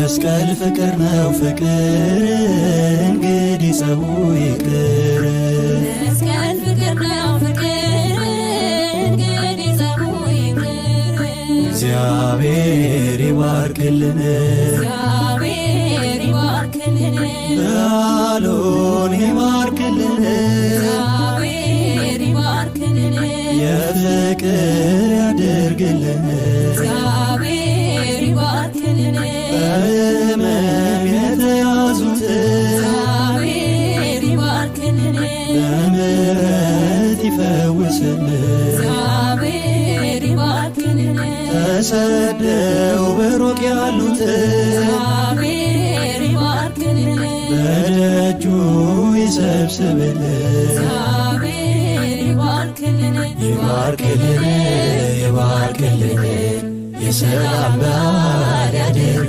መስቀል ፍቅር ነው ፍቅር እንግዲህ ሰው ይቅር እግዚአብሔር ይባርክልን ቃሉን ይባርክልን የፍቅር ያደርግልን በምሕረት ይፈውስልን። እግዚአብሔር ይባርክልን። ተሰደው በሩቅ ያሉት እግዚአብሔር ይባርክልን። በደጁ ይሰብስብልን። እግዚአብሔር ይባርክልን። ይባርክልን። ይባርክልን። የሰላም ባሪያ